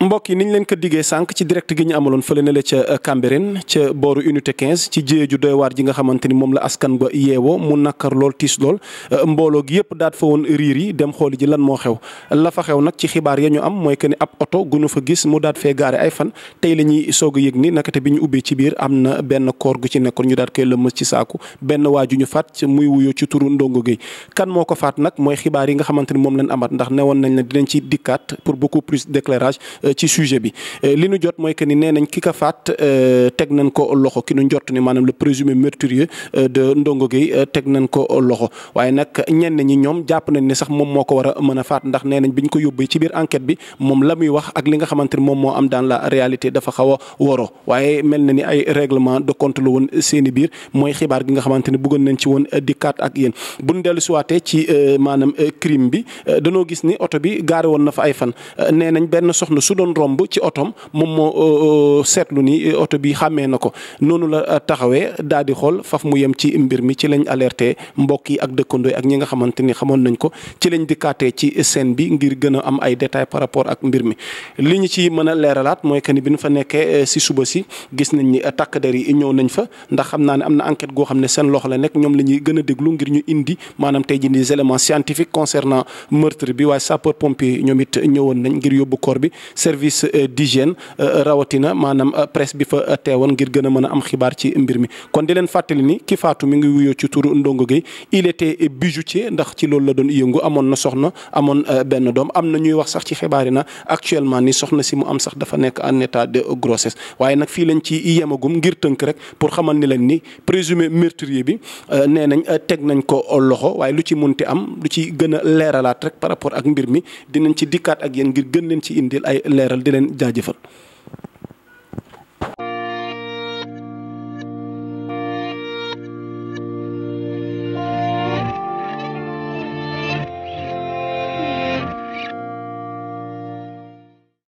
mbokk yi niñ leen ko diggee sànq ci direct gi ñu amaloon fële nele la ca euh, Cambérène ca booru unité 15 ci jiyee ju doy waar ji nga xamante ni moom la askan ba yeewoo mu nakkar lool tiis lool euh, mbooloo gi yëpp daat fa woon riir yi dem xooli ji lan moo xew la fa xew nag ci xibaar ya ñu am mooy que ni ab oto gu ñu fa gis mu daat fee gaare ay fan tey la ñuy soog a yëg ni nakate bi ñu ubbee ci biir am na benn koor gu ci nekkoon ñu daat koy lëmës ci saaku benn waa ju ñu faat muy wuyoo ci turu ndongo géey kan moo ko faat nag mooy xibaar yi nga xamante ni moom leen amat ndax newoon nañ la dinañ ci dikkaat pour beaucoup plus d'éclairage ci sujet bi euh, li nu jot mooy que ni nee nañ ki ka faat euh, teg nan ko loxo ki nu jot ni maanaam le présumé meurtrier euh, de Ndongo Gueye teg nañ ko loxo waaye nag ñenn ñi ñoom jàpp nañ ne sax moom moo ko war a mën a faat ndax nee nañ ñu ko yóbbee ci biir enquête bi moom la muy wax ak li nga xamante ni moom moo am dans la réalité dafa xaw a waaye mel na ni ay réglement de compte la woon seeni biir mooy xibaar gi nga xamante ni bëggoon nañ ci woon dikkaat ak yéen bu dellu siwaatee ci maanaam crime bi danoo gis ni oto bi gaare woon na fa ay fan doon romb ci otom moom moo euh, euh, seetlu nii euh, oto bi xàmmee na ko noonu la taxawee daal di xool faf mu yem ci mbir mi ci lañ alerte mbokk yi ak dëkkandoo ak ñi nga xamante ni xamoon nañ ko ci lañ dikkaatee ci seen bi ngir gën a am ay détails par rapport ak mbir mi. li ñu ci mën a leeralaat mooy que ni bi nu fa nekkee si suba si gis nañ ni takk der yi ñëw nañ fa ndax xam naa ne am na enquête goo xam ne seen loxo la nekk ñoom lañuy ñuy gën a déglu ngir ñu indi maanaam tey jii des éléments scientifiques concernant meurtre bi waaye sapeur pompier it ñëwoon nañ ngir yóbbu corps bi service euh, d'hygiène euh, euh, rawatina maanaam presse bi fa teewoon ngir gën a mën a am xibaar ci mbir mi kon di leen fàttali ni ki faatu mi ngi wuyoo ci turu Ndongo Gueye il était bijoutier ndax ci loolu la doon yëngu amoon na soxna amoon benn doom am na ñuy wax sax ci xibaar yi na actuellement ni soxna si mu am sax dafa nekk en état de grossesse waaye nag fii lañ ci yemagum ngir tënk rek pour xamal ni leen ni présumé meurtrier bi nee nañ teg nañ ko loxo waaye lu ci munti am lu ci gën a leeralaat mi leeral di leen jaajëfal.